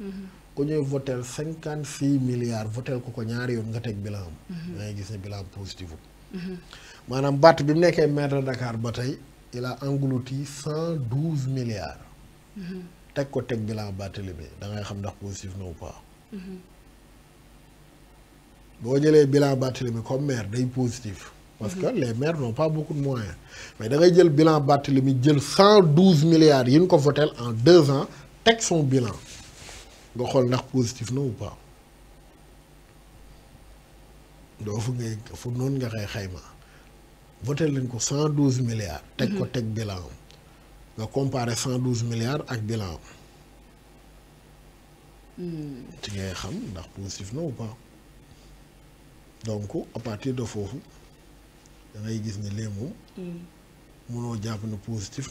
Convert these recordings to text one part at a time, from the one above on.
Mm-hmm. ku ñuy votel cinquante six milliards votel ko ko ñaari yoon nga teg bilan am mm-hmm. da ngay gis ne bilan positif mm-hmm. maanaam bat bi mu nekkee maire de Dakar ba tey il a englouti cent douze milliards teg ko teg bilan Barthélémy da ngay xam ndax positif na ou pas boo jëlee bilan Barthélémy comme maire day positif parce que les maires n'ont pas beaucoup de moyens mais da ngay jël bilan Barthélémy jël cent milliards yi ñu ko votel en deux ans teg son bilan nga xool ndax positif non ou pas doo fu ngay nga voté milliards. teg ko mm-hmm. teg bilan comparé milliards avec bilan mm-hmm. positif ou pas donc à partir de foofu da ngay gis ne mm-hmm. ne positif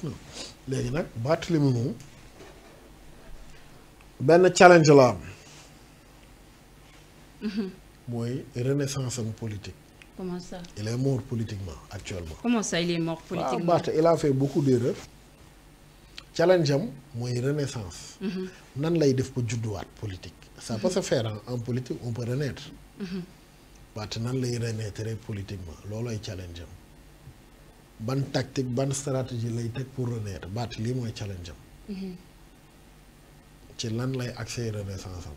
un challenge la am. Mhm. renaissance politique. comment ça il est mort politiquement actuellement. comment ça il est mort politiquement il a fait beaucoup d'erreurs. challenge est renaissance. Mhm. nan lay def de droit politique. ça peut mhm. se faire en politique on peut renaître. que nan renaître politiquement C'est challenge une ban tactique bonne stratégie pour renaître C'est ce mooy challenge ci lan lay accès renaissance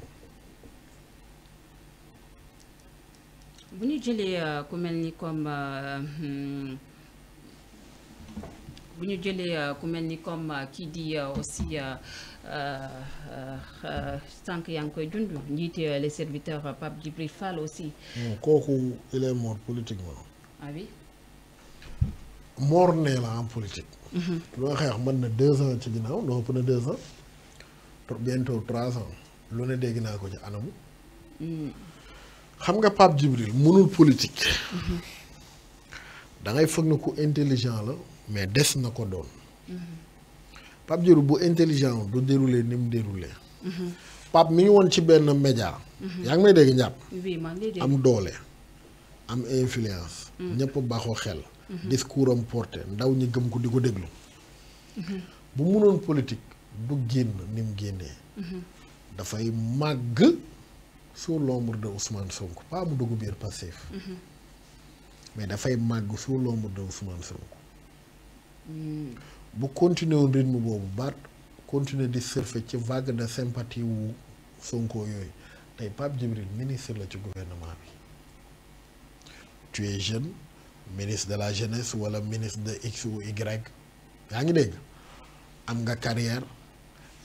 ku aussi sànq les serviteurs euh, Pape Djibril Fall aussi. Hmm, il est mort politiquement. ah oui. mort en politique. Il mhm. deux ans deux ans. bientôt trois ans lu ne dégg naa ko ci anamu. Hmm. xam nga Pape Djibril mënul politique. Hmm. da ngay foog ku intelligent la mais des na ko doon. Hmm. Pape Djibril bu intelligent du déroulé ni mu déroulé. Pape mi woon ci benn média. yaa ngi may dégg njàpp. am doole am influence. ñëpp baaxoo xel. discours porté ndaw ñi gëm ko di ko déglu. bu mënoon politique. du génn ni mu génnee. Mhm. dafay màgg sous l'ombre de Ousmane Sonko pas mu biir Pastef. Mhm. mais dafay màgg sous l'ombre de Ousmane Sonko. Mm. bu continuer woon boobu baat continuer di surfer ci vague de sympathie wu Sonko yooyu tey Pape Djibril ministre la ci gouvernement bi tu es jeune ministre de la jeunesse wala ministre de X ou Y yaa ngi dégg am nga carrière.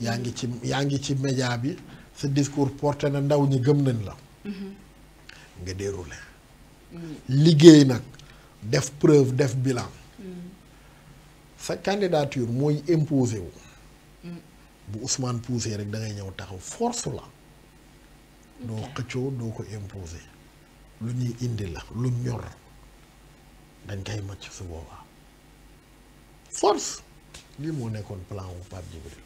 yaa ngi ci yaa ngi ci média bi sa discours porté na ndaw ñi gëm nañ la mm-hmm. nga déroulé mm. liggéey nag def preuve def bilan mm. sa candidature mooy imposé wu mm. bu Ousmane poussé rek da ngay ñëw taxaw force la doo xëccoo doo ko imposé lu ñuy indi la lu ñor dañ koy màcc su boobaa force lii moo nekkoon plan wu Pape Djibril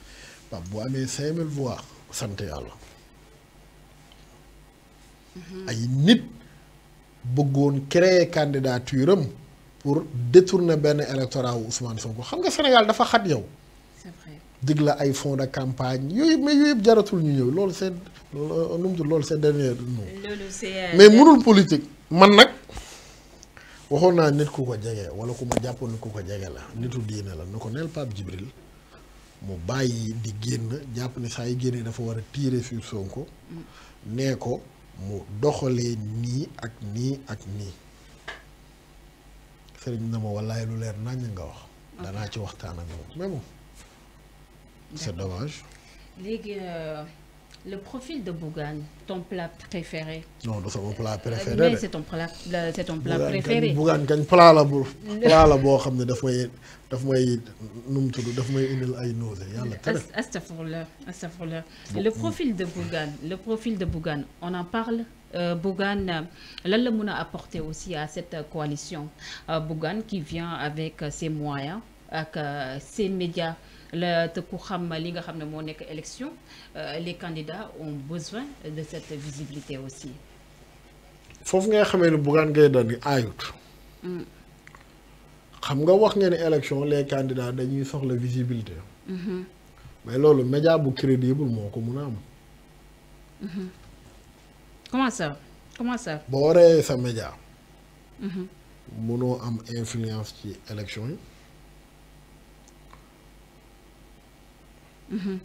mais bu 5000 voix santé yalla mhm. ay nit bëggoon créer candidature pour détourner l'électorat électorat Ousmane Sonko xam nga Sénégal dafa xat yow. c'est vrai ay fonds de campagne yoy mais yoy jaratul ñu ñëw c'est c'est dernier euh, mais politique man nak na nit ku wala la nitu la Pape mu bàyyi di génn jàpp ne saa yi génnee dafa war a tirer sur Sonko nee ko mu doxalee nii ak nii ak nii sëriñ na ma wallaay lu leer nañ nga wax danaa ci waxtaan ak moom mais c'est dommage euh, Le profil de Bougan, ton plat préféré Non, c'est mon plat euh, préféré. Mais c'est ton plat, c'est ton plat préféré. Bougane, quand plat la bouffe, plat la bouffe, comme daf may daf may num tudu daf may indil ay nausée. Yalla tere. Astaghfirullah, astaghfirullah. Le profil de Bougan, le profil de Bougan. on en parle euh, Bougane, lan la a apporter aussi à cette coalition euh, qui vient avec ses moyens, avec euh, ses médias la te ku xam li nga xam ne moo nekk élection euh, les candidats ont besoin de cette visibilité aussi. foofu ngay xamee ni Bougane Gueye Dany aayut. Mm. xam nga wax ngeen élection les candidats dañuy soxla visibilité. Mm-hmm. mais loolu média bu crédible moo ko mun a mm-hmm. comment ça comment ça. boo waree sa média. Mm-hmm. munoo am influence ci élection Mm-hmm.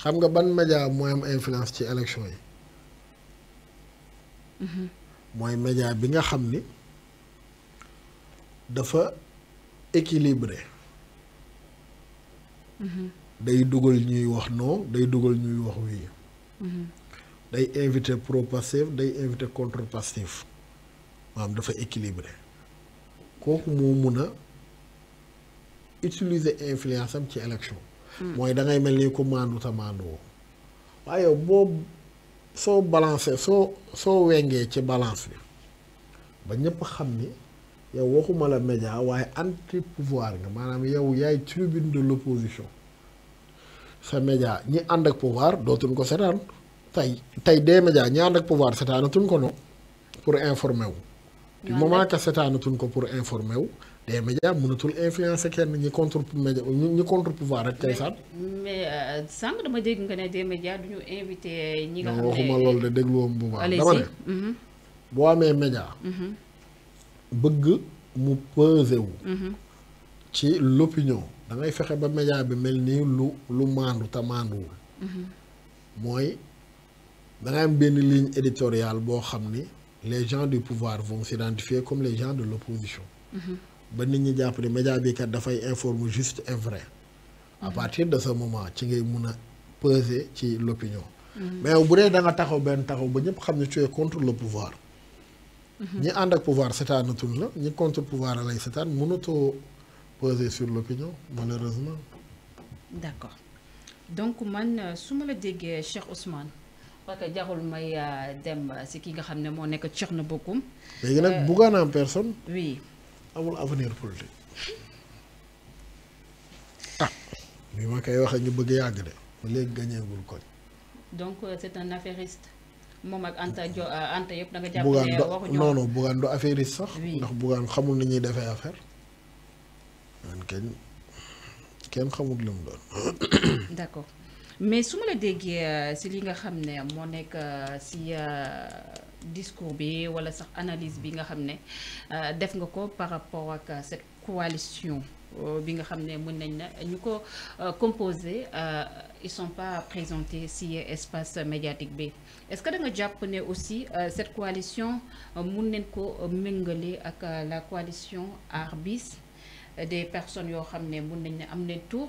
xam nga ban média mooy am influence ci élection yi. Mm-hmm. mooy média bi nga xam ni dafa équilibré. Mm-hmm. day dugal ñuy wax non day dugal ñuy wax oui. day invité pro passif day invité contre passif maanaam dafa équilibré kooku moo mun a utiliser influence am ci élection. Hmm. mooy da ngay mel ni ku maandu te so waaye so boo soo balancé soo ci balance bi ba ñëpp xam ni yow waxuma la média waaye anti pouvoir nga maanaam yow yaay tribune de l'opposition sa média ñi ànd ak pouvoir dootuñ ko tay tay tey des média ñi ànd ak pouvoir setaanatuñ ko no pour informer wu du moment que setaanatuñ ko pour informer wu des médias mënatul influencer kenn ni contre média ñi contre pouvoir rek tey sax. mais sang euh, dama dégg nga ne des médias duñu ñu invité. ñi nga xamné ne waxuma loolu de dégluwoon bu baax. dama ne mm-hmm. boo amee média. Mm-hmm. bëgg mu peser wu. Mm-hmm. ci l'opinion da ngay fexé ba médias bi melni lu lu mandu ta mandu hmm moy da nga am benn ligne éditoriale bo xamné les gens du pouvoir vont s'identifier comme les gens de l'opposition. hmm ba nit ñi jàpp ne média bi kat dafay informer juste et vrai à mm-hmm. partir de ce moment ci ngay mëna peser ci l'opinion mm-hmm. mais bu dee da nga taxaw ben taxaw ba ñep xam ne tu es contre le pouvoir mm-hmm. ñi and ak pouvoir seetaanatul la ñi contre pouvoir lay seetaan mënatoo peser sur l'opinion malheureusement d'accord donc man euh, suma la déggé Cheikh Ousmane parce que jaxul may euh, dem ci ki nga xam mo nek nekk Thierno Bocoum léegi nag euh, Bougane en personne oui amul avenir politique ah bi ma kay waxe ñu bëgg yàgg de ba léegi gañeegul koñ. donc euh, c'est un affairiste mom ak Anta jo euh, Anta yëpp da nga jappé waxu waxuñu non non Bougane du affairiste sax. ndax Bougane xamul ni ñuy défé affaire man kenn kenn xamul li mu doon. d'accord mais su ma la déggee ci euh, li nga xamné mo nek nekk si discours bi wala sax analyse bi nga xamné euh, par rapport à euh, cette coalition euh, bi nga xamné ne mën nañ ils sont pas présentés si espace médiatique bi est-ce que da nga japp aussi cette coalition mën nañ ko à ak la coalition Arbis, des personnes yo xamné mën nañ tour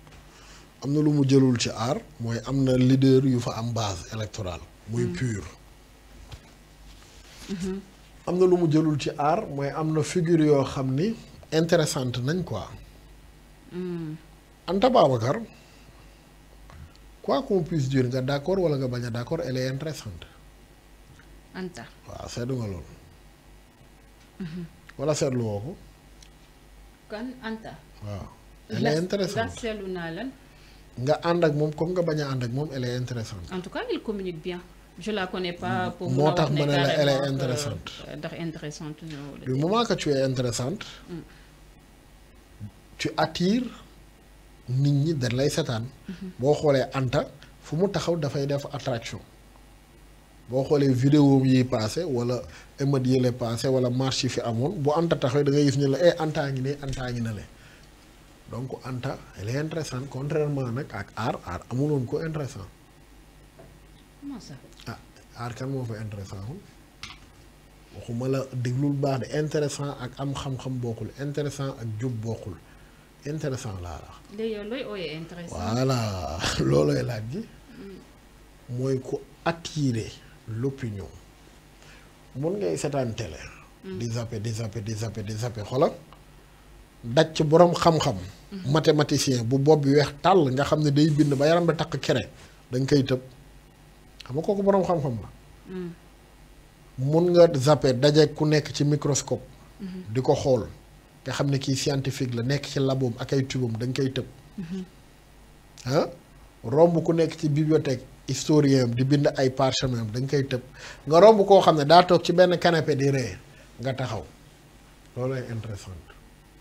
am na lu mu jëlul ci aar mooy am na leader yu fa am baas électorale muy mm-hmm. pur mm-hmm. am na lu mu jëlul ci aar mooy am na figure yoo xam ni intéressante nañ quoi mm. Anta Babacar quoi qu'on puisse dire nga d'accord wala nga baña a d'accord elle est intéressante Anta waaw seetlu nga loolu mm-hmm. wala seetlu woo ko kon Anta waaw elle est intéressante naa nga ànd ak moom comme nga baña a ànd ak moom elle est intéressante. en tout cas il communique bien. je la connais pas. Mm. pour moi tax ma la elle est euh, intéressante. ndax intéressante du moment que tu es intéressante. Mm. tu attires nit ñi dañ lay sétane mm-hmm. bo xolé Anta fu mu taxaw fay def attraction. bo xolé vidéo yi passé wala émeutes yi la passé wala marché fi amoon bu Anta taxaw da ngay gis ni la eh Anta ngi ne Anta ngi na le donc Anta elle est intéressante contrairement nak ak ar ar amuloon ko intéressant comment ça ah aar kan moo fa intéressant wul waxuma la déglul baax de intéressant ak am xam-xam bokul intéressant ak djub bokul intéressant la la. léegi yow looy intéressant. voilà loolooy la di moy hmm. ko attirer l'opinion mon ngay seetaan télé. Hmm. di zappe di zappe di zappe di zappe xoolal. daj ci borom xam-xam. Mm-hmm. mathématicien bu bopp bi weex tàll nga xam ne day bind ba yaram bi takk kere dañ koy tëb xam nga kooku borom xam-xam mm. daje ku nekk ci microscope. Mm-hmm. di ko xool xam ne kii scientifique la nekk ci laboom ak ay tubam dañ koy tëb. Mm-hmm. ah romb ku nekk ci bibliothèque historien di bind ay parchemin dañ koy tëb nga romb koo xam ne daa toog ci benn kanape di ree nga taxaw loolu ay intéressant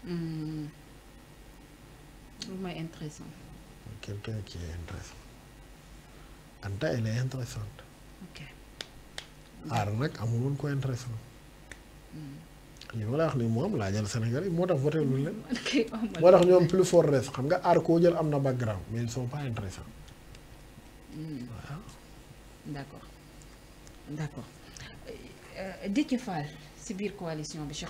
Hmm. intéressant. quelqu'un qui est intéressant. Anta elle est intéressante. ok. il ah, intéressant. Hmm. li wala wax ni Sénégal oh plus fort res xam nga ar ko jël background mais ils sont pas intéressants. Hmm. D'accord. D'accord. accord euh, d' Fall coalition bi